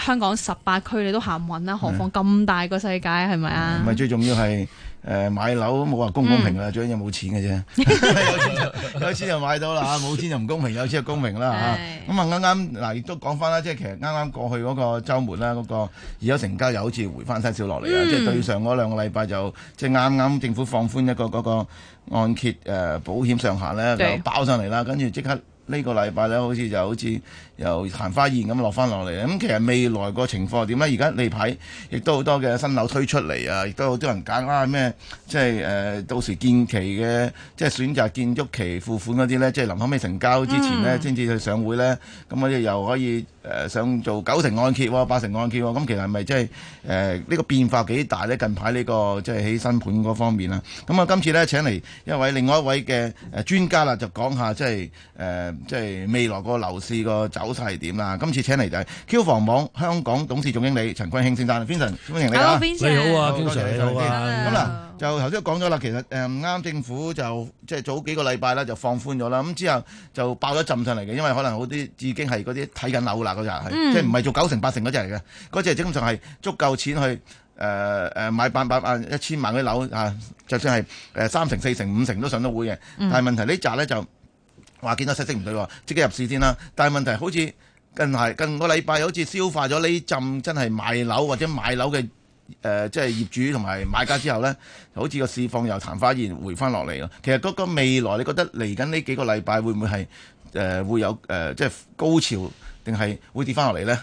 香港十八區你都行唔勻啦，何況咁大個世界係咪啊？唔係的吧、嗯、最重要係誒、呃、買樓冇話公公平啦，嗯、最緊要冇錢嘅啫。 有錢，就有錢就買到啦嚇，冇 錢就唔公平，有錢就公平啦嚇。咁的啊啱啱嗱亦都講翻啦，即係其實啱啱過去嗰個週末啦，嗰、那個而家成交又好似回翻晒少落嚟啊！即係對上嗰兩個禮拜就即係啱啱政府放寬一個嗰個按揭誒保險上限咧，就包上嚟啦。跟住即刻呢個禮拜咧，好似就好似～由曇花現咁落翻落嚟，咁其實未來個情況點咧？而家呢排亦都好多嘅新樓推出嚟啊，亦都好多人揀啊。咩即係誒、呃、到時建期嘅，即係選擇建築期付款嗰啲呢，即係臨尾未成交之前呢，嗯、先至去上會呢。咁我哋又可以誒想、呃、做九成按揭喎，八成按揭喎。咁、嗯、其實係咪即係誒呢個變化幾大呢？近排呢、呢個即係起新盤嗰方面啊。咁、嗯、啊，今次呢，請嚟一位另外一位嘅誒專家啦，就講下即係誒、呃、即係未來個樓市個好曬係點啦？今次請嚟就係 Q 房網香港董事總經理陳坤興先生 Vincent，歡迎你啦！你好啊，你好。咁嗱，就頭先講咗啦，其實誒啱、嗯、政府就即係早幾個禮拜啦，就放寬咗啦。咁之後就爆咗浸上嚟嘅，因為可能好啲已經係嗰啲睇緊樓嗱，嗰隻即係唔係做九成八成嗰隻嚟嘅，嗰隻基本上係足夠錢去誒誒、呃、買八百萬一千萬嗰啲樓啊，就算係誒三成四成五成都上到會嘅。但係問題呢扎咧就～話見到，息息唔對喎，呃，即刻入市先啦。但係問題好似近排近個禮拜，好似消化咗呢浸真係賣樓或者買樓嘅誒，即係業主同埋買家之後咧，好似個市況又曇花現回翻落嚟咯。其實嗰個未來，你覺得嚟緊呢幾個禮拜會唔會係誒，呃、會有誒，呃、即係高潮，定係會跌翻落嚟咧？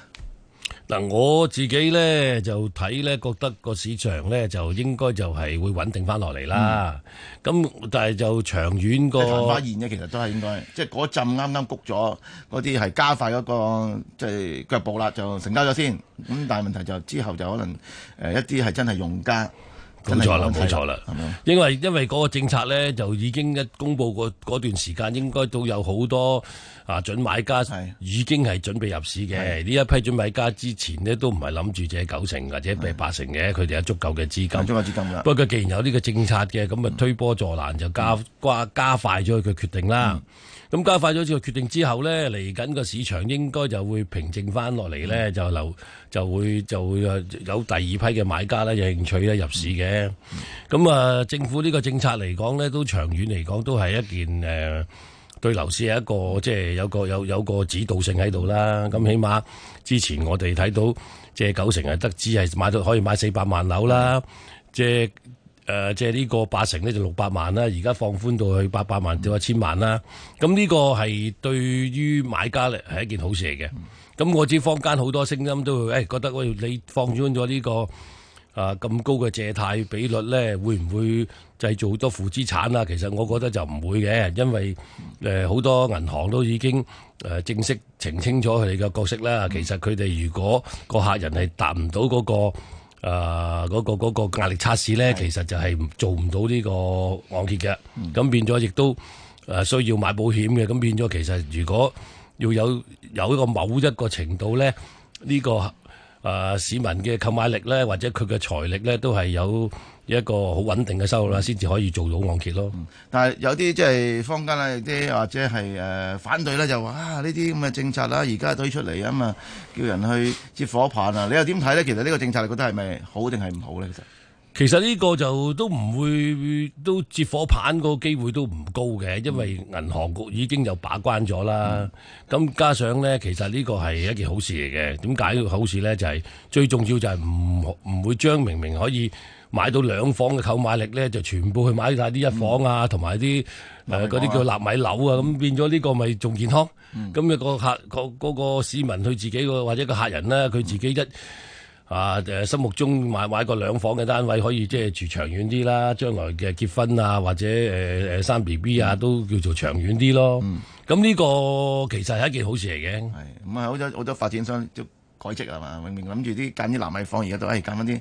但我自己咧就睇咧覺得個市場咧就應該就係會穩定翻落嚟啦。咁、嗯、但係就長遠個，即係發現嘅其實都係應該。即係嗰陣啱啱谷咗，嗰啲係加快嗰個即係腳步啦，就成交咗先。咁但係問題就係，之後就可能誒一啲係真係用家。冇錯啦，冇錯啦吧，因為因為嗰個政策咧就已經一公布，嗰嗰段時間，應該都有好多啊準買家已經係準備入市嘅。呢是一批準買家之前咧都唔係諗住借九成或者借八成嘅，佢哋是有足夠嘅資金。足夠資金啦。不過既然有呢個政策嘅，咁咪推波助瀾就加加、嗯、加快咗佢嘅決定啦。嗯咁加快咗呢個決定之後呢，嚟緊個市場應該就會平靜翻落嚟呢，就流就會就會有第二批嘅買家呢，有興趣呢入市嘅。咁啊，政府呢個政策嚟講呢，都長遠嚟講都係一件誒、呃、對樓市係一個即係有個有有個指導性喺度啦。咁起碼之前我哋睇到借九成係得，只係買到可以買四百萬樓啦，借。誒，即呢、呃、個八成呢，就六百萬啦。而家放寬到去八百萬到一千萬啦。咁、啊、呢、這個係對於買家嚟係一件好事嚟嘅。咁、啊、我知坊間好多聲音都會誒、哎、覺得喂，你放寬咗呢個啊咁高嘅借貸比率呢，會唔會製造好多負資產啊？其實我覺得就唔會嘅，因為誒好、呃、多銀行都已經誒、呃、正式澄清咗佢哋嘅角色啦、啊。其實佢哋如果個客人係達唔到嗰個。誒嗰個、呃、嗰個壓力測試呢，其實就係做唔到呢個按揭嘅，咁變咗亦都誒需要買保險嘅，咁變咗其實如果要有有一個某一個程度呢，呢個、誒、呃、市民嘅購買力呢，或者佢嘅財力呢，都係有一個好穩定嘅收入啦，先至可以做到按揭咯。嗯、但係有啲即係坊間、就係呃、啊，啲或者係誒反對咧，就話啊呢啲咁嘅政策啦，而家推出嚟啊嘛，叫人去接火棒啊！你又點睇咧？其實呢個政策，你覺得係咪好定係唔好咧？其實其實呢個就都唔會，都接火棒個機會都唔高嘅，因為銀行局已經有把關咗啦。咁、嗯、加上咧，其實呢個係一件好事嚟嘅。點解呢個好事咧？就係、係、最重要就係唔唔會將明明明可以買到兩房嘅購買力咧，就全部去買晒啲一房啊，同埋啲誒嗰啲叫納米樓啊，咁、嗯、變咗呢個咪仲健康。咁、嗯、個客個,個市民佢自己個或者個客人咧，佢自己一啊誒心目中買買個兩房嘅單位可以即係住長遠啲啦，將來嘅結婚啊或者誒誒、呃、生 B B 啊、嗯、都叫做長遠啲咯。咁呢、嗯嗯、個其實係一件好事嚟嘅。係唔係啊好多好多發展商,商。改積係嘛，明明諗住啲揀啲南米房，而家都誒揀翻啲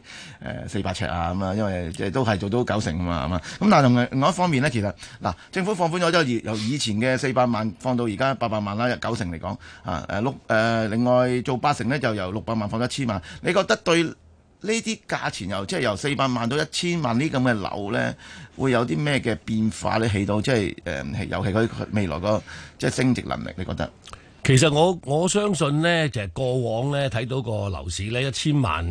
誒四百尺啊咁啊，因為即係都係做到九成啊嘛，係嘛。咁但係同另外一方面咧，其實嗱，政府放寬咗之後，由以前嘅四百萬放到而家八百萬啦，九成嚟講啊誒六誒另外做八成咧，就由六百萬放到一千萬。你覺得對呢啲價錢由即係由四百萬到一千萬呢咁嘅樓咧，會有啲咩嘅變化咧？你起到即係誒、呃，尤其佢未來個即係升值能力，你覺得？其實我我相信呢就係、是、過往呢睇到個樓市呢一千萬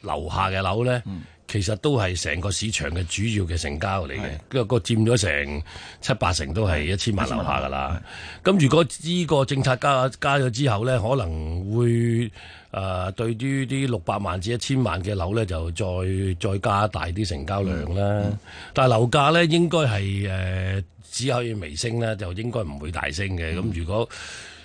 樓下嘅樓呢，嗯、其實都係成個市場嘅主要嘅成交嚟嘅，個個佔咗成七八成都係一千萬樓下噶啦。咁如果呢個政策加加咗之後呢，可能會誒、呃、對於啲六百萬至一千萬嘅樓呢，就再再加大啲成交量啦。嗯嗯、但係樓價呢，應該係誒、呃、只可以微升呢，就應該唔會大升嘅。咁、嗯、如果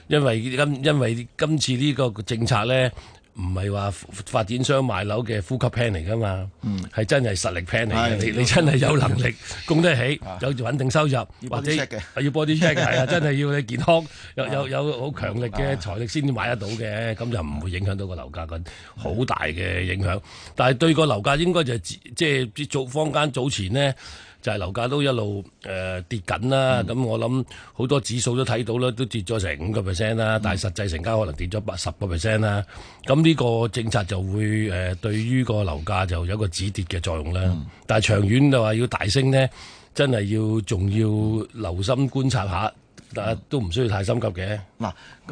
因為今因為今次呢個政策咧，唔係話發展商買樓嘅呼吸 plan 嚟噶嘛，係、嗯、真係實力 plan 嚟的，你你真係有能力供得起，啊、有穩定收入，或者 check 嘅、啊，要 body check 嘅， 真係要你健康有有有好強力嘅財力先買得到嘅，咁就唔會影響到個樓價咁好大嘅影響。的但係對個樓價應該就係、是、即係早坊間早前呢，就係樓價都一路誒、呃、跌緊啦，咁、嗯、我諗好多指數都睇到啦，都跌咗成五個 percent 啦，但係實際成交可能跌咗八十個 percent 啦。咁呢個政策就會誒、呃、對於個樓價就有一個止跌嘅作用啦。嗯、但係長遠就話要大升呢，真係要仲要留心觀察下。大家都唔需要太心急嘅。嗱，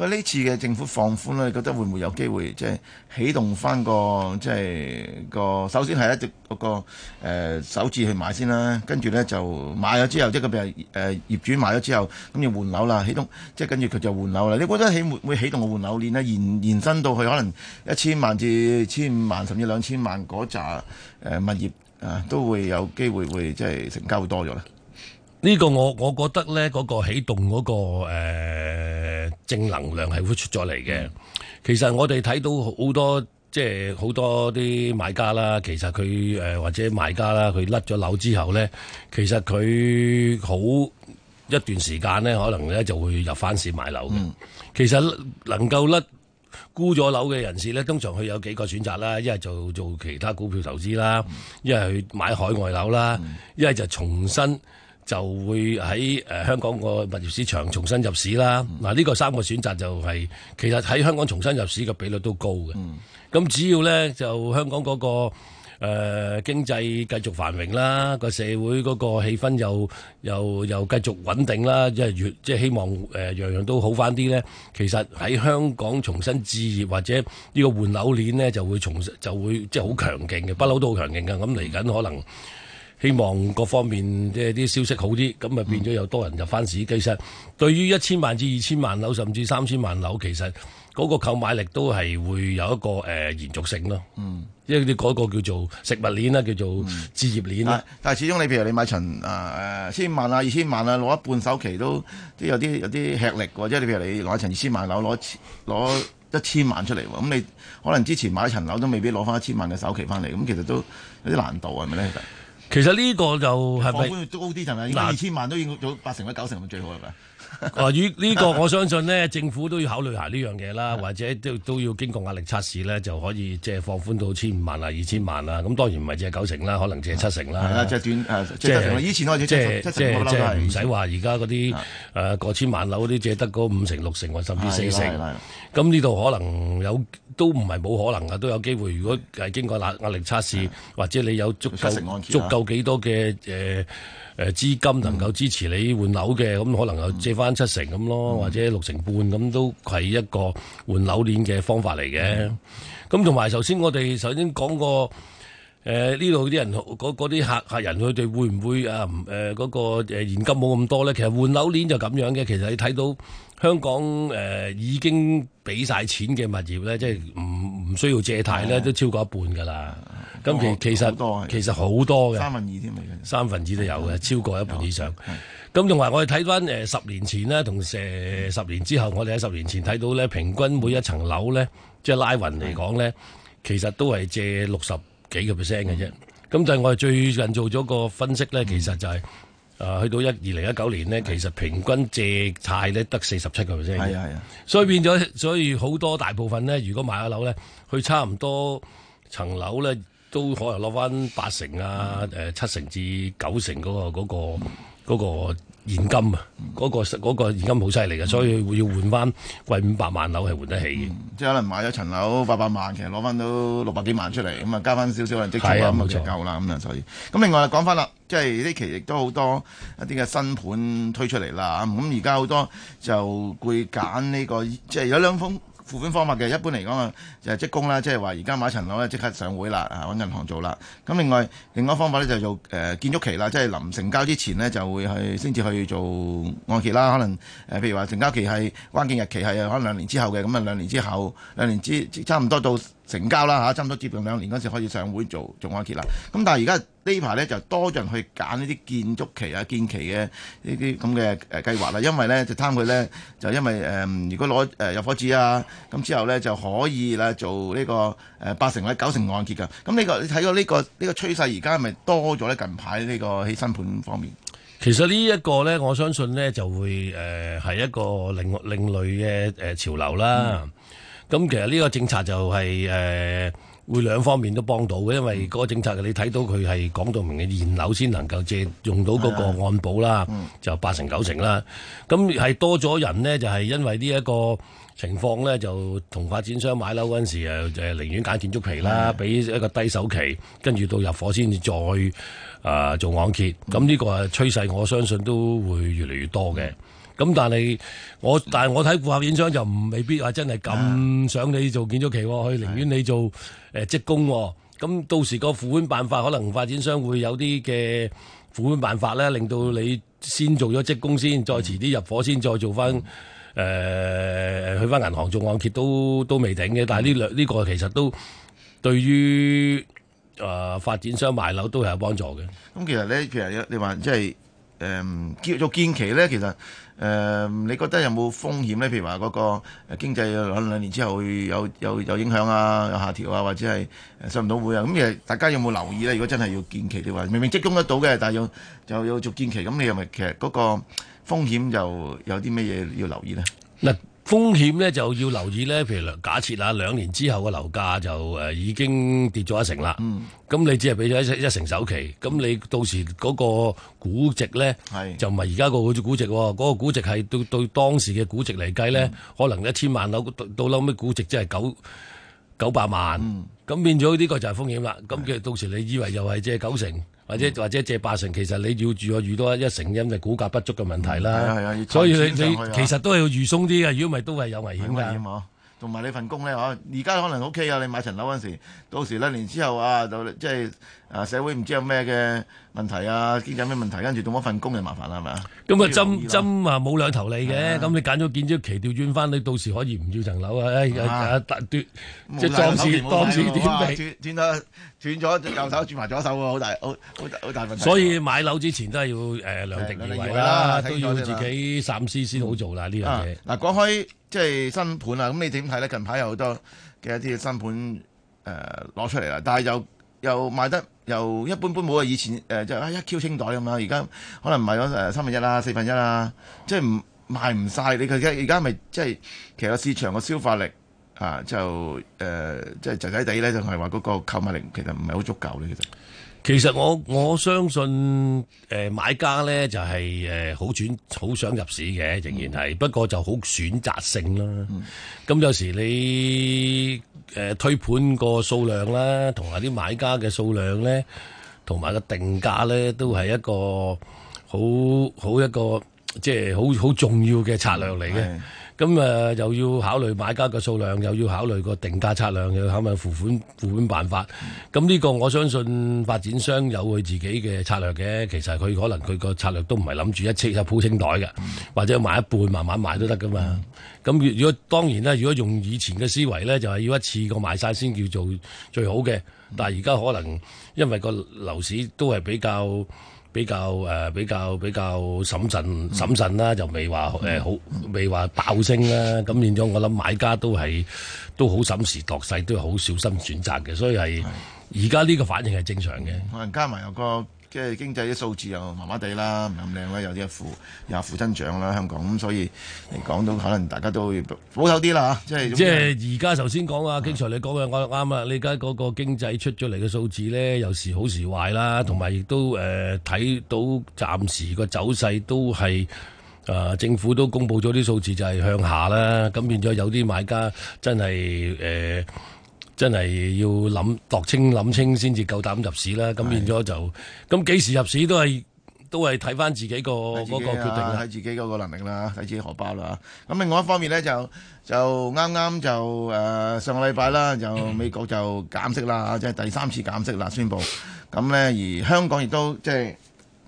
呢次嘅政府放寬咧，你覺得會唔會有機會即係、就是、起動翻個即係個首先係一隻嗰個首次去買先啦，跟住咧就買咗之後，即係譬如誒業主買咗之後，咁要換樓啦，起動即係跟住佢就換樓啦。你覺得起會會起動個換樓鏈咧，延延伸到去可能一千萬至千五萬甚至兩千萬嗰扎誒物業啊，都會有機會會即係成交會多咗咧？呢個我我覺得呢，嗰個啟動嗰個誒正能量係會出咗嚟嘅。其實我哋睇到好多即係好多啲買家啦，其實佢誒或者賣家啦，佢甩咗樓之後呢，其實佢好一段時間呢，可能呢就會入翻市買樓嘅。其實能夠甩沽咗樓嘅人士呢，通常佢有幾個選擇啦，一係做做其他股票投資啦，一係去買海外樓啦，一係就重新，就會喺誒、呃、香港個物業市場重新入市啦。嗱、嗯、呢、啊這個三個選擇就係、是、其實喺香港重新入市嘅比率都高嘅。咁、嗯、只要呢，就香港嗰、那個誒、呃、經濟繼續繁榮啦，個社會嗰個氣氛又又又繼續穩定啦，即係越即係希望誒樣、呃、樣都好翻啲呢。其實喺香港重新置業或者呢個換樓鏈呢，就會重就會即係好強勁嘅，不嬲都好強勁㗎。咁嚟緊可能。希望各方面即係啲消息好啲，咁咪變咗有多人入翻市。其實對於一千萬至二千萬樓，甚至三千萬樓，其實嗰個購買力都係會有一個誒、呃、延續性咯。嗯，因為啲嗰個叫做食物鏈啦，叫做置業鏈啦、嗯。但係始終你譬如你買層啊誒千萬啊二千萬啊攞一半首期都，啲有啲有啲吃力喎。即係你譬如你攞一層二千萬樓攞攞一千萬出嚟，咁你可能之前買一層樓都未必攞翻一千萬嘅首期翻嚟，咁其實都有啲難度係咪咧？是其實呢個就係咪放盤高啲？係咪二千萬都應該有八成或者九成係最好係咪？是啊！呢個我相信咧，政府都要考慮下呢樣嘢啦，或者都都要經過壓力測試呢，就可以即係放寬到千五萬啊、二千萬啊。咁當然唔係淨係九成啦，可能淨係七成啦。以前係借七成。唔使話，而家嗰啲誒過千萬樓嗰啲借得個五成六成，甚至四成。咁呢度可能有都唔係冇可能噶，都有機會。如果係經過壓力測試，或者你有足夠足夠幾多嘅誒。嗯嗯誒資金能夠支持你換樓嘅，咁、嗯、可能又借翻七成咁咯，嗯、或者六成半咁都係一個換樓鏈嘅方法嚟嘅。咁同埋頭先我哋頭先講過，誒呢度啲人嗰啲客客人佢哋會唔會啊誒嗰個誒、呃嗰個呃、現金冇咁多咧？其實換樓鏈就咁樣嘅，其實你睇到。香港誒、呃、已經俾晒錢嘅物業咧，即係唔唔需要借貸咧，的都超過一半㗎啦。咁其有其實其實好多嘅三分二添，三分之，二三分之二都有嘅，的超過一半以上。咁同埋我哋睇翻誒十年前咧，同成十年之後，我哋喺十年前睇到咧，平均每一層樓咧，即係拉勻嚟講咧，的其實都係借六十幾個 percent 嘅啫。咁、嗯、但係我哋最近做咗個分析咧，其實就係、嗯。啊、呃，去到一二零一九年咧，其實平均借貸咧得四十七個 percent 嘅，係啊，係啊，所以變咗，所以好多大部分咧，如果買下樓咧，去差唔多層樓咧都可能落翻八成啊，誒、呃、七成至九成嗰個嗰嗰個。嗰個嗰個現金啊，嗰、嗯那個嗰、那個、現金好犀利嘅，嗯、所以會要換翻貴五百萬樓係換得起嘅、嗯。即係可能買咗層樓八百萬，其實攞翻到六百幾萬出嚟，咁啊加翻少少人質錢咁啊就夠啦。咁啊錯所以，咁另外講翻啦，即係呢期亦都好多一啲嘅新盤推出嚟啦。咁而家好多就會揀呢個，即係有兩封。付款方法嘅，一般嚟講啊，就係即供啦，即係話而家買一層樓咧，即刻上會啦，啊揾銀行做啦。咁另外，另外一方法咧就做誒建築期啦，即係臨成交之前咧就會去先至去做按揭啦。可能誒、呃，譬如話成交期係關鍵日期係可能兩年之後嘅，咁啊兩年之後兩年之差唔多到。成交啦嚇，差唔多接近兩年嗰陣時開始上會做做按揭啦。咁但係而家呢排咧就多咗人去揀呢啲建築期啊、建期嘅呢啲咁嘅誒計劃啦，因為咧就貪佢咧就因為誒、呃、如果攞誒、呃、入夥紙啊，咁之後咧就可以啦做呢、呢個誒、呃、八成或者九成按揭㗎。咁呢個你睇到呢個呢個趨勢，而家係咪多咗咧？近排呢個起新盤方面，其實呢一個咧，我相信咧就會誒係、呃、一個另另類嘅誒潮流啦。嗯。咁其實呢個政策就係、是、誒、呃、會兩方面都幫到嘅，因為嗰個政策你睇到佢係講到明嘅，現樓先能夠借用到嗰個按保啦，嗯、就八成九成啦。咁係、嗯、多咗人呢，就係、是、因為呢一個情況呢，就同發展商買樓嗰陣時就誒，寧願揀建築期啦，俾、嗯、一個低首期，跟住到入伙先至再誒、呃、做按揭。咁呢個啊趨勢，我相信都會越嚟越多嘅。咁、嗯、但係我但係我睇顧客建築就唔未必話真係咁想你做建築期、哦，佢寧願你做誒是的、呃、職工、哦。咁、嗯、到時個付款辦法可能發展商會有啲嘅付款辦法咧，令到你先做咗職工先，再遲啲入伙先，再做翻誒、呃、去翻銀行做按揭都都未定嘅。但係呢兩呢個其實都對於啊、呃、發展商賣樓都係有幫助嘅。咁其實咧，譬如你話即係誒做建期咧，其實。其實誒、嗯，你覺得有冇風險咧？譬如話嗰個經濟可能兩年之後會有有有影響啊，有下調啊，或者係收唔到會啊？咁、嗯、誒，其實大家有冇留意咧？如果真係要建期你話，明明即供得到嘅，但係要就要有續建期，咁你又咪其實嗰個風險又有啲咩嘢要留意咧？嗱、嗯。風險咧就要留意咧，譬如假設啊，兩年之後嘅樓價就誒、呃、已經跌咗一成啦。咁、嗯、你只係俾咗一一成首期，咁你到時嗰個估值咧是就唔係而家個好似估值喎、哦，嗰、嗰個估值係對對、對當時嘅估值嚟計咧，嗯、可能一千萬樓到到落尾估值即係九九百萬，咁、嗯、變咗呢個就係風險啦。咁其實到時你以為又係即九成。或者或者借八成，其實你要住啊，遇多一成因就估價不足嘅問題啦。所以你其實都係要預鬆啲嘅，如果唔係都係有危險嘅。同埋你份工咧，而家可能 O K 啊。你買層樓嗰時，到時兩年之後啊，就即係啊社會唔知有咩嘅問題啊，啲咁嘅問題，跟住仲攞份工就麻煩啦，係咪咁啊？針針啊冇兩頭利嘅。咁你揀咗建築期調轉翻，你到時可以唔要層樓啊？即係當時當時點得？斷咗右手，轉埋左手喎，好大，好好好大問題。所以買樓之前都係要誒、呃、是量力而為啦，都要自己三思先好做啦呢樣嘢。嗱講開即係新盤啊，咁、就是、你點睇咧？近排有好多嘅一啲新盤誒攞出嚟啦，但係又又賣得又一般般，冇話以前誒、呃、就是、一 Q 清袋咁啦。而家可能 1, 1, 賣咗誒三分一啦、四分一啦，即係賣唔晒。你而而家咪即係其實市場個消化力。啊，就誒，即係仔仔哋咧，就係話嗰個購物力其實唔係好足夠咧。其實，其實我我相信誒、呃、買家咧就係誒好選好想入市嘅，仍然係，嗯、不過就好選擇性啦。咁、嗯、有時你誒、呃、推盤個數量啦，同埋啲買家嘅數量咧，同埋個定價咧，都係一個好好一個即係好好重要嘅策略嚟嘅。嗯咁誒、呃、又要考慮買家嘅數量，又要考慮個定價策略，又要考慮付款付款辦法。咁呢、嗯、個我相信發展商有佢自己嘅策略嘅。其實佢可能佢個策略都唔係諗住一清一鋪清，清袋嘅，或者賣一半慢慢賣都得噶嘛。咁、嗯、如果當然啦，如果用以前嘅思維呢，就係、是、要一次過賣晒先叫做最好嘅。但係而家可能因為個樓市都係比較比較誒、呃、比較比較審慎審、嗯、慎啦，就未話誒、嗯呃、好未話爆升啦，咁變咗我諗買家都係都好審時度勢，都係好小心選擇嘅，所以係而家呢個反應係正常嘅、嗯。加埋有個。即係經濟啲數字又麻麻地啦，唔係咁靚啦，有啲負，又負，負增長啦，香港咁，所以你講到可能大家都會保守啲啦，即係即係而家頭先講啊，經常你講嘅我啱啊，你而家嗰個經濟出咗嚟嘅數字咧，有時好時壞啦，同埋亦都誒睇、呃、到暫時個走勢都係啊、呃，政府都公布咗啲數字就係向下啦，咁變咗有啲買家真係誒。呃真係要諗度清諗清先至夠膽入市啦，咁變咗就咁幾的時入市都係都係睇翻自己個嗰、啊、個決定、啊，睇自己嗰個能力啦、啊，睇自己荷包啦、啊、咁另外一方面呢，就就啱啱就誒、呃、上個禮拜啦，就美國就減息啦，嗯、即係第三次減息啦，宣佈咁呢，而香港亦都即係。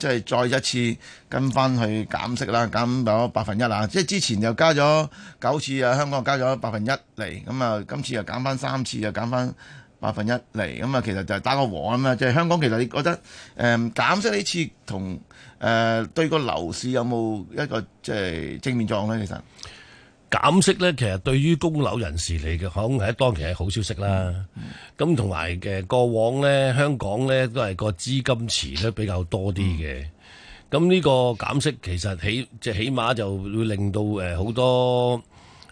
即係再一次跟翻去減息啦，減咗百分一啦。即係之前又加咗九次啊，香港又加咗百分一嚟。咁啊，今次又減翻三次，又減翻百分一嚟。咁啊，其實就打個和咁啊。即係香港，其實你覺得誒、呃、減息呢次同誒、呃、對個樓市有冇一個即係正面作用咧？其實？減息咧，其實對於供樓人士嚟嘅，可能係當期係好消息啦。咁同埋嘅過往咧，香港咧都係個資金池咧比較多啲嘅。咁呢、嗯、個減息其實起即係起碼就會令到誒好多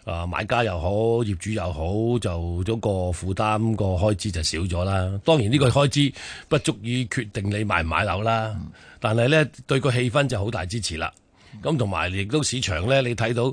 啊買家又好，業主又好，就嗰個負擔個開支就少咗啦。當然呢個開支不足以決定你買唔買樓啦，嗯、但係咧對個氣氛就好大支持啦。咁同埋亦都市場咧，你睇到。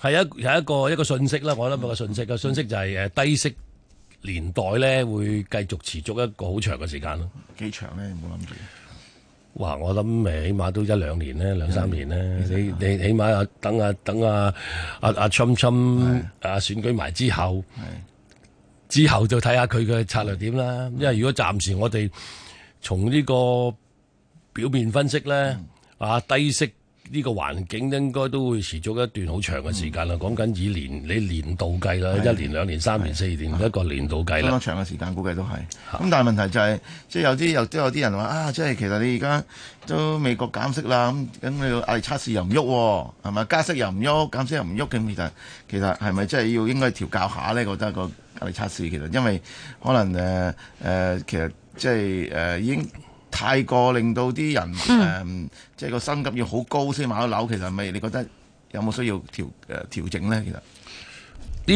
係一係一個一個訊息啦，我諗個訊息個訊息就係誒低息年代咧會繼續持續一個好長嘅時間咯。幾長咧？唔好諗住。哇！我諗誒起碼都一兩年咧，兩三年咧。你你起碼啊，等啊等啊啊啊，侵侵啊選舉埋之後，之後就睇下佢嘅策略點啦。因為如果暫時我哋從呢個表面分析咧，啊低息。呢個環境應該都會持續一段好長嘅時間啦。講緊以年，你年度計啦，啊、一年、兩年、三年、啊、四年，一個年度計啦。咁長嘅時間估計都係。咁但係問題就係、是，即係有啲又都有啲人話啊，即係其實你而家都美國減息啦，咁咁你壓力測試又唔喐，係咪加息又唔喐，減息又唔喐嘅？其實其實係咪真係要應該調教下呢？覺得個壓力測試其實因為可能誒誒、呃呃，其實即係誒已經。呃太過令到啲人誒，即係個薪金要好高先買到樓。其實咪你覺得有冇需要調誒調整咧？其實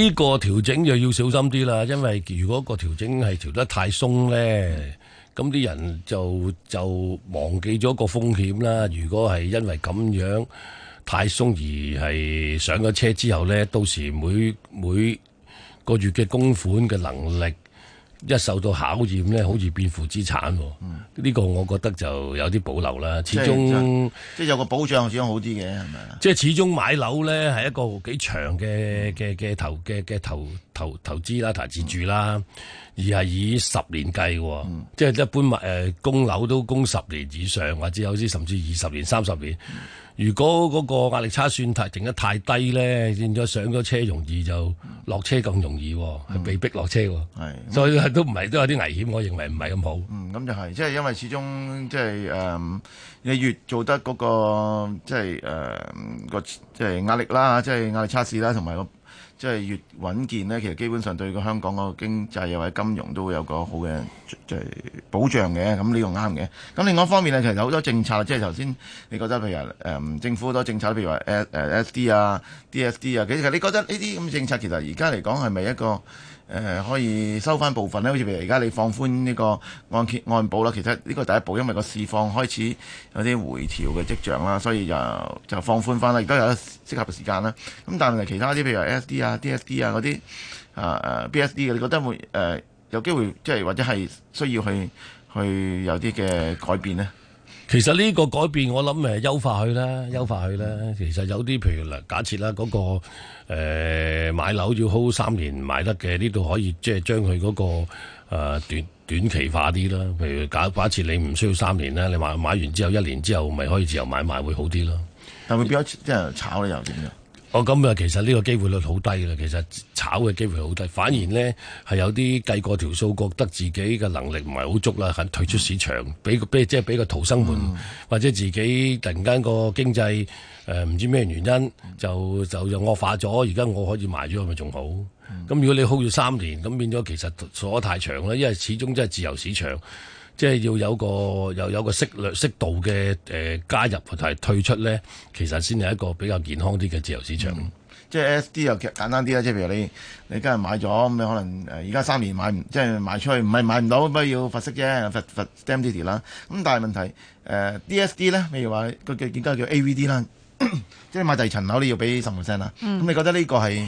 呢個調整就要小心啲啦，因為如果個調整係調得太鬆咧，咁啲人就就忘記咗個風險啦。如果係因為咁樣太鬆而係上咗車之後咧，到時每每個月嘅供款嘅能力。一受到考驗咧，好似變負資產，呢、嗯、個我覺得就有啲保留啦。始終即係有個保障始終好啲嘅，係咪啊？即係始終買樓咧係一個幾長嘅嘅嘅投嘅嘅投投投資啦，嗯、自住啦，嗯、而係以十年計嘅，嗯、即係一般物、呃、供樓都供十年以上，或者有啲甚至二十年、三十年。如果嗰個壓力差算太定得太低咧，變咗上咗車容易就落車咁容易，係、嗯、被逼落車喎。嗯、所以都唔係都有啲危險，我認為唔係咁好。嗯，咁就係、是，即係因為始終即係誒、呃，你越做得嗰、那個即係誒個即係壓力啦，即係壓力測試啦，同埋、那個，即係越穩健咧，其實基本上對個香港個經濟又或者金融都會有個好嘅即係保障嘅。咁呢個啱嘅。咁另外一方面咧，其實好多政策，即係頭先你覺得譬如誒、嗯、政府好多政策，譬如話誒誒 SD 啊、DSD 啊，其實你覺得呢啲咁嘅政策，其實而家嚟講係咪一個？誒、呃、可以收翻部分咧，好似譬如而家你放寬呢個按揭按保啦，其實呢個第一步，因為個市況開始有啲回調嘅跡象啦，所以就就放寬翻啦。而家有適合嘅時間啦。咁但係其他啲譬如、啊、S D 啊、D S D 啊嗰啲啊啊 B S D 嘅，你覺得會誒、呃、有機會即係或者係需要去去有啲嘅改變呢？其實呢個改變我諗誒，優化佢啦，優化佢啦。其實有啲譬如嗱，假設啦嗰個誒、呃、買樓要 hold 三年買得嘅，呢度可以即係將佢嗰個誒、呃、短短期化啲啦。譬如假假設你唔需要三年啦，你買買完之後一年之後咪可以自由買賣會好啲咯。但係會變咗即係炒咧又點樣？我咁啊，其實呢個機會率好低啦，其實炒嘅機會好低，反而咧係有啲計過條數，覺得自己嘅能力唔係好足啦，肯退出市場，俾俾即係俾個逃生門，嗯、或者自己突然間個經濟誒唔、呃、知咩原因就就就惡化咗，而家我可以賣咗，咪仲好？咁、嗯、如果你 hold 咗三年，咁變咗其實鎖得太長啦，因為始終真係自由市場。即係要有個又有個適量適度嘅誒加入同埋退出咧，其實先係一個比較健康啲嘅自由市場。嗯、即係 S D 又簡單啲啦，即係譬如你你今日買咗咁，你可能誒而家三年買唔即係賣出去，唔係賣唔到，不過要罰息啫，罰罰 stamp duty 啦。咁但係問題誒、呃、D S D 咧，譬如話佢叫點解叫、叫 A V D 啦， 即係買第二層樓你要俾十 percent 啦。咁、嗯、你覺得呢個係？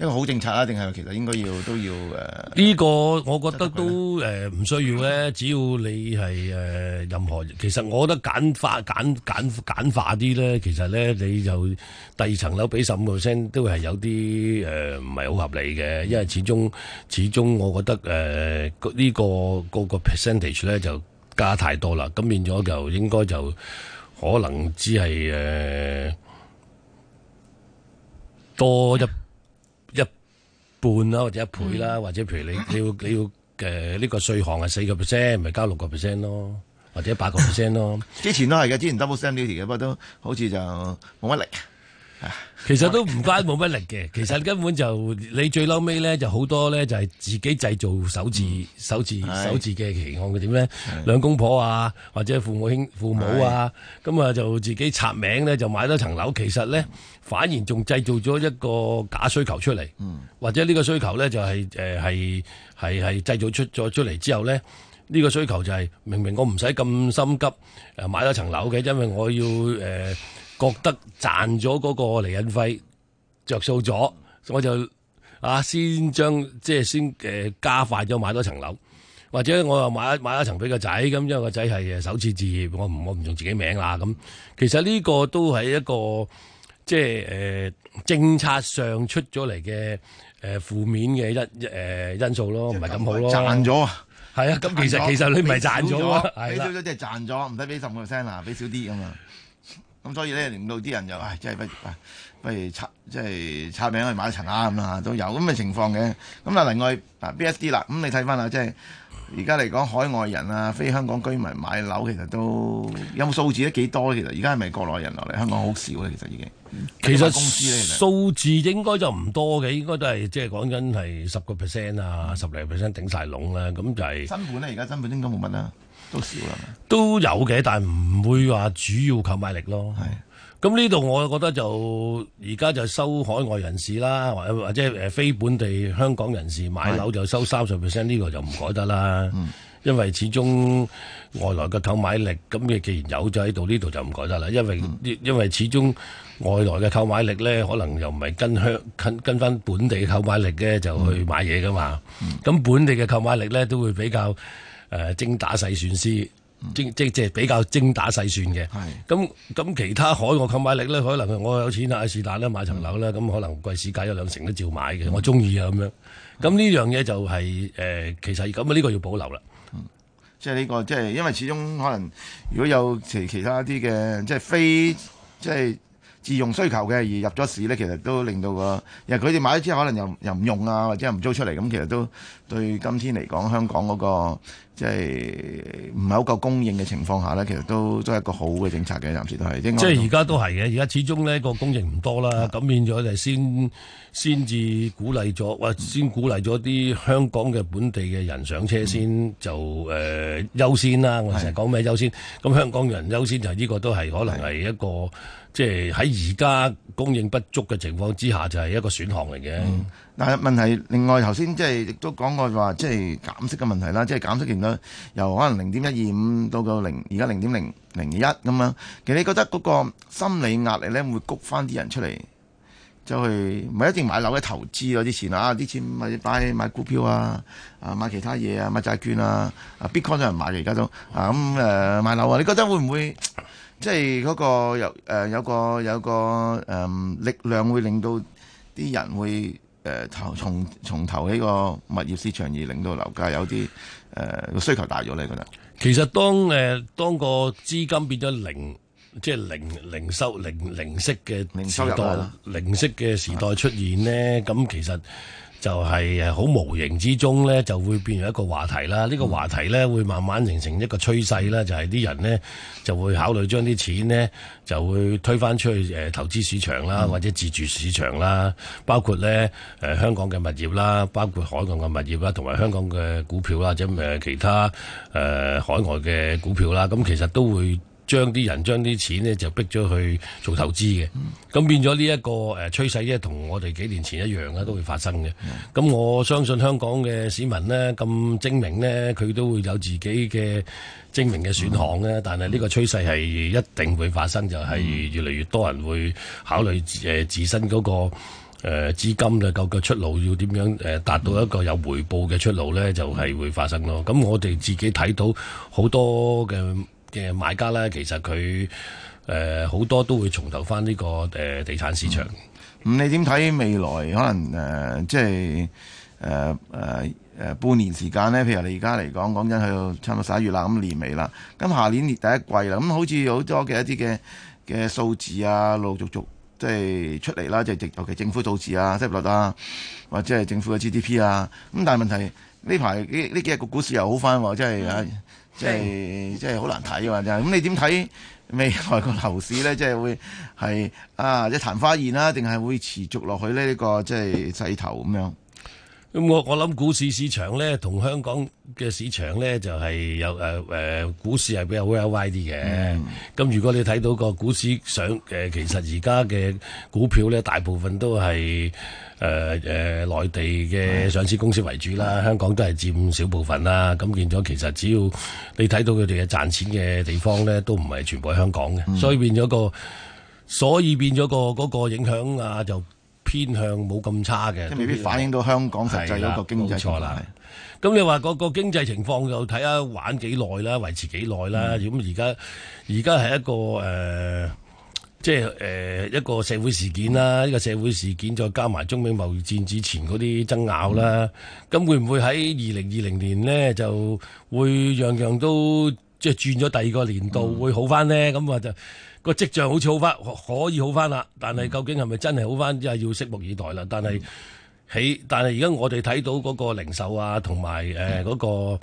一個好政策啊？定係其實應該要都要誒？呢個我覺得都誒唔需要咧。只要你係誒任何，其實我覺得簡化簡簡簡化啲咧，其實咧你就第二層樓俾十五個 percent 都係有啲誒唔係好合理嘅，因為始終始終我覺得誒呢個嗰個 percentage 咧就加太多啦。咁變咗就應該就可能只係誒多一。半啦，或者一倍啦，或者譬如你你要你要誒呢、呃呢個稅項係四個 percent，咪加六個 percent 咯，或者八個 percent 咯 之。之前都係嘅，之前 double stamp duty 嘅，不過都好似就冇乜力。其實都唔關冇乜力嘅，其實根本就你最嬲尾咧，就好多咧就係自己製造首字首字首字嘅情況嘅點咧，兩公婆啊或者父母兄父母啊，咁啊就自己拆名咧就買咗層樓，其實咧反而仲製造咗一個假需求出嚟，或者呢個需求咧就係誒係係係製造出咗出嚟之後咧呢個需求就係明明我唔使咁心急誒買咗層樓嘅，因為我要誒。覺得賺咗嗰個離任費著數咗，我就啊先將即係先誒加快咗買多層樓，或者我又買買多層俾個仔咁，因為個仔係首次置業，我唔我唔用自己名啦咁。其實呢個都係一個即係誒政策上出咗嚟嘅誒負面嘅一誒因素咯，唔係咁好咯。賺咗啊，係啊，咁其實其實你唔係賺咗啊，係啦，俾少咗即係賺咗，唔使俾十個 percent 啦，俾少啲咁樣。咁所以咧，令到啲人就唉，真係不如不如拆即係拆名去買一層啦咁啦，都有咁嘅情況嘅。咁、嗯、啊，另外、啊、B S D 啦，咁、嗯、你睇翻啦，即係而家嚟講，海外人啊，非香港居民買樓，其實都有冇數字都幾多？其實而家係咪國內人落、啊、嚟香港好少咧、啊？其實已經、嗯、其實公司數字應該就唔多嘅，應該都係即係講緊係十個 percent 啊，十零 percent 頂晒籠啦，咁就係、是。新盤咧，而家新盤應該冇乜啦。都少啦，都有嘅，但係唔會話主要購買力咯。係咁呢度，我覺得就而家就收海外人士啦，或者誒非本地香港人士買樓就收三十 percent，呢個就唔改得啦。嗯、因為始終外來嘅購買力，咁你既然有、這個、就喺度，呢度就唔改得啦。因為、嗯、因為始終外來嘅購買力呢，可能又唔係跟香跟跟翻本地購買力呢，就去買嘢噶嘛。咁、嗯嗯、本地嘅購買力呢，都會比較。誒、啊、精打細算師，精、嗯、即即係比較精打細算嘅。係咁咁，其他海外購買力咧，可能我有錢啊，是但咧買,買層樓咧，咁、嗯、可能貴市價一兩成都照買嘅，嗯、我中意啊咁樣。咁呢樣嘢就係、是、誒、呃，其實咁啊，呢個要保留啦。即係呢個即係，就是、因為始終可能如果有其其他啲嘅，即、就、係、是、非即係。就是自用需求嘅而入咗市呢，其實都令到個，因為佢哋買咗之後可能又又唔用啊，或者又唔租出嚟咁，其實都對今天嚟講，香港嗰、那個即係唔係好夠供應嘅情況下呢，其實都都係一個好嘅政策嘅，暫時都係。就是、即係而家都係嘅，而家始終呢個供應唔多啦，咁是的 變咗就先先至鼓勵咗，哇！先鼓勵咗啲香港嘅本地嘅人上車先是的 就誒、呃、優先啦。我成日講咩優先，咁是的 香港人優先就呢個都係可能係一個。即係喺而家供應不足嘅情況之下，就係一個選項嚟嘅。嗱、嗯，但問題另外頭先即係亦都講過話，即係減息嘅問題啦，即、就、係、是、減息利率由可能零點一二五到到零，而家零點零零一咁樣。其實你覺得嗰個心理壓力咧，會谷翻啲人出嚟就去，唔係一定買樓嘅投資嗰啲錢啊，啲錢咪擺買股票啊，啊買其他嘢啊，買債券啊，啊 Bitcoin 都有人買嘅而家都啊咁誒、呃、買樓啊，你覺得會唔會？即係嗰、那個有誒、呃、有個有個誒、呃、力量會令到啲人會誒投、呃、從從投呢個物業市場而令到樓價有啲誒、呃、需求大咗，你覺得其實當誒、呃、當個資金變咗零，即係零零收零零息嘅時代，零,零息嘅時代出現咧，咁的其實。就係誒好無形之中呢，就會變成一個話題啦。呢、這個話題呢，會慢慢形成一個趨勢啦。就係、是、啲人呢，就會考慮將啲錢呢，就會推返出去誒投資市場啦，或者自住市場啦。包括呢誒、呃、香港嘅物業啦，包括海外嘅物業啦，同埋香港嘅股票啦，或者誒其他誒、呃、海外嘅股票啦。咁、嗯、其實都會。將啲人將啲錢呢，就逼咗去做投資嘅，咁變咗呢一個誒趨勢咧，同我哋幾年前一樣啦，都會發生嘅。咁我相信香港嘅市民呢，咁精明呢，佢都會有自己嘅精明嘅選項呢。但係呢個趨勢係一定會發生，就係、是、越嚟越多人會考慮誒自身嗰、那個誒、呃、資金嘅夠嘅出路，要點樣誒達到一個有回報嘅出路呢，就係、是、會發生咯。咁我哋自己睇到好多嘅。嘅買家咧，其實佢誒好多都會重頭翻呢個誒地產市場。嗯、你點睇未來可能誒，呃、即係誒誒誒半年時間咧？譬如你而家嚟講講緊喺度差唔多十一月啦，咁年尾啦，咁下年第一季啦，咁、嗯、好似好多嘅一啲嘅嘅數字啊，陸陸續續即係出嚟啦，即係尤其政府數字啊、息率啊，或者係政府嘅 GDP 啊。咁但係問題呢排呢呢幾日個股市又好翻喎，即係啊！嗯即係、嗯、即係好難睇喎，就係咁。你點睇未來個樓市咧？即係會係啊一曇花現啦，定係會持續落去咧？呢、呢個即係勢頭咁樣。咁我我諗股市市場咧，同香港嘅市場咧，就係有誒誒，股市係比較 worldwide 啲嘅。咁如果你睇到個股市上誒，其實而家嘅股票咧，大部分都係誒誒，內地嘅上市公司為主啦，香港都係佔少部分啦。咁變咗，其實只要你睇到佢哋嘅賺錢嘅地方咧，都唔係全部喺香港嘅，所以變咗個，所以變咗個嗰個影響啊就，偏向冇咁差嘅，未必反映到香港實際經濟啦。冇錯啦，咁你話個個經濟情況就睇下玩幾耐啦，維持幾耐啦。咁而家而家係一個誒、呃，即係誒、呃、一個社會事件啦。呢、嗯、個社會事件再加埋中美貿易戰之前嗰啲爭拗啦，咁、嗯、會唔會喺二零二零年呢？就會樣樣都即係轉咗第二個年度、嗯、會好翻呢？咁我就。個跡象好似好翻，可以好翻啦。但係究竟係咪真係好翻，即係要拭目以待啦。但係起，嗯、但係而家我哋睇到嗰個零售啊，同埋誒嗰個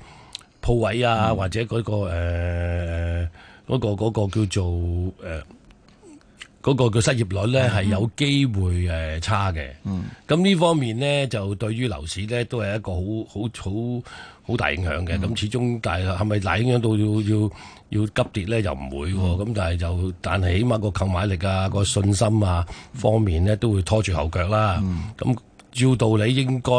鋪位啊，嗯、或者嗰、嗰個誒、呃嗰個、嗰個叫做誒、呃嗰個嘅失業率咧，係有機會誒差嘅。嗯。咁呢、嗯、方面咧，就對於樓市咧，都係一個好好好。好大影響嘅，咁始終，但係係咪大影響到要要要急跌咧？又唔會喎，咁但係就，但係起碼個購買力啊，個信心啊方面咧，都會拖住後腳啦。咁照道理應該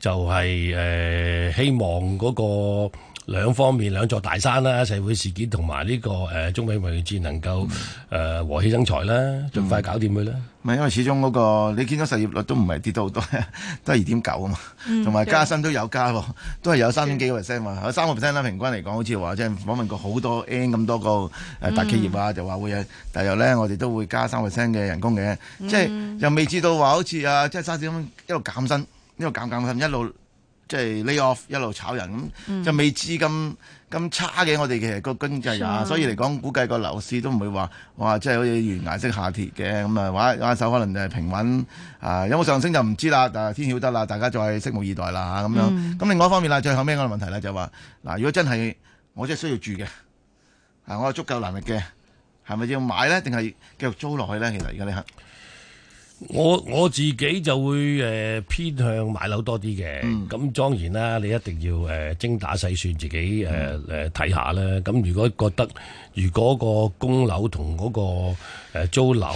就係誒，希望嗰個，兩方面兩座大山啦，社會事件同埋呢個誒、呃、中美貿易戰能夠誒、嗯呃、和氣生財啦，盡快搞掂佢啦。咪、嗯嗯、因為始終嗰、那個你見到失業率都唔係跌到好多，都係二點九啊嘛，同埋、嗯、加薪都有加喎，都係有三點幾個 percent 嘛，有三個 percent 啦。平均嚟講，好似話即係訪問過好多 N 咁多個誒大企業啊，嗯、就話會有。但係又咧，我哋都會加三個 percent 嘅人工嘅，即係又未至到話好似啊，即係三點一路減薪，一路減薪一路減薪，一路。即係 lay off 一路炒人咁，嗯、就未知咁咁差嘅，我哋其實個經濟啊，的所以嚟講估計個樓市都唔會話話即係好似懸崖式下跌嘅，咁啊，玩一手可能就係平穩啊，有冇上升就唔知啦，但係天曉得啦，大家再拭目以待啦咁、啊、樣。咁、嗯、另外一方面啦，最後尾個問題咧，就話、是、嗱，如果真係我真係需要住嘅，嗱我有足夠能力嘅，係咪要買咧，定係繼續租落去咧？其實而家你睇。我我自己就會誒、呃、偏向買樓多啲嘅，咁當、嗯、然啦，你一定要誒、呃、精打細算自己誒誒睇下啦。咁如果覺得如果個供樓同嗰個租樓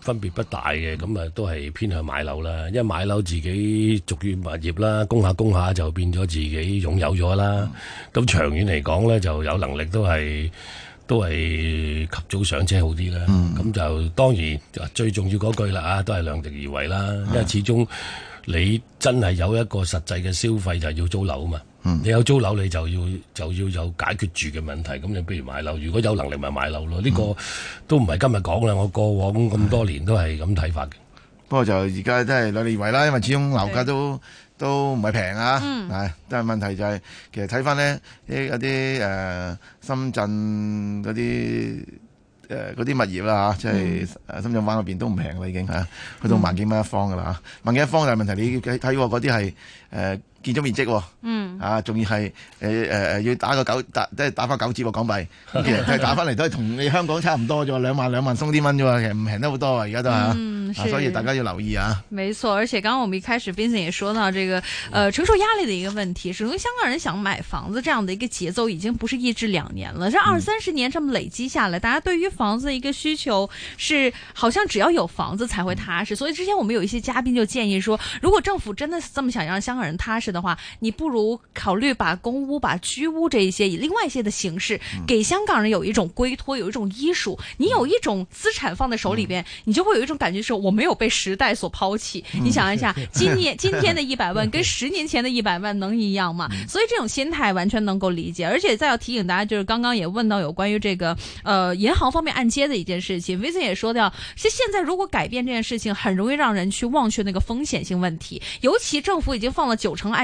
分別不大嘅，咁啊都係偏向買樓啦。因為買樓自己屬於物業啦，供下供下就變咗自己擁有咗啦。咁長遠嚟講咧，就有能力都係，都係及早上車好啲啦，咁、嗯、就當然最重要嗰句啦啊，都係量力而為啦，嗯、因為始終你真係有一個實際嘅消費就係要租樓啊嘛，嗯、你有租樓你就要就要有解決住嘅問題，咁你不如買樓，如果有能力咪買樓咯，呢、嗯、個都唔係今日講啦，我過往咁多年都係咁睇法嘅。不過就而家都係量力而為啦，因為始終樓價都。都唔係平啊，係、嗯，但係問題就係、是，其實睇翻咧，一啲誒深圳嗰啲誒嗰啲物業啦、啊、嚇，即係誒深圳灣嗰邊都唔平啦已經嚇，去到萬幾蚊一方噶啦嚇，嗯、萬幾一方就係問題你睇過嗰啲係誒。呃建築面積喎、哦，嗯，啊，仲要係誒誒誒要打個九，打即係打翻九折喎港幣， 其實打翻嚟都係同你香港差唔多啫，兩萬兩萬鬆啲蚊啫，其實唔平得好多啊，而家都啊，嗯、啊，所以大家要留意啊。沒錯，而且剛剛我們一開始 Vincent 也說到這個，呃，承受壓力的一個問題，是因為香港人想買房子這樣的一個節奏已經不是一至兩年了，這二三十年這麼累積下來，大家對於房子的一個需求是，好像只要有房子才會踏實。所以之前我們有一些嘉賓就建議說，如果政府真的是這麼想讓香港人踏實。的話，你不如考慮把公屋、把居屋這一些，以另外一些的形式，給香港人有一種歸託，有一種依屬。你有一種資產放在手裏邊，嗯、你就會有一種感覺是，是我沒有被時代所拋棄。嗯、你想一下，今年今天的一百萬，跟十年前的一百萬能一樣嗎？嗯、所以這種心態完全能夠理解。而且再要提醒大家，就是剛剛也問到有關於這個，呃，銀行方面按揭的一件事情。Vincent 也說掉，其實現在如果改變這件事情，很容易讓人去忘卻那個風險性問題。尤其政府已經放了九成按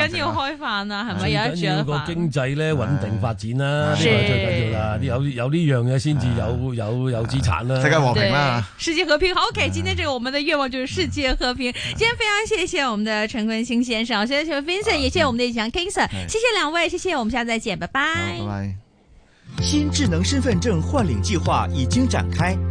緊要開飯啊，係咪有一個經濟咧穩定發展啦，呢個最緊要啦。啲有有呢樣嘢先至有有有資產啦。世界和平啊！世界和平好，OK，今天呢個我們的願望就是世界和平。今天非常謝謝我們的陳坤興先生，謝謝 Vincent，也謝謝我們的李強 King Sir，謝謝兩位，謝謝我們下次再見，拜拜。拜拜。新智能身份證換領計劃已經展開。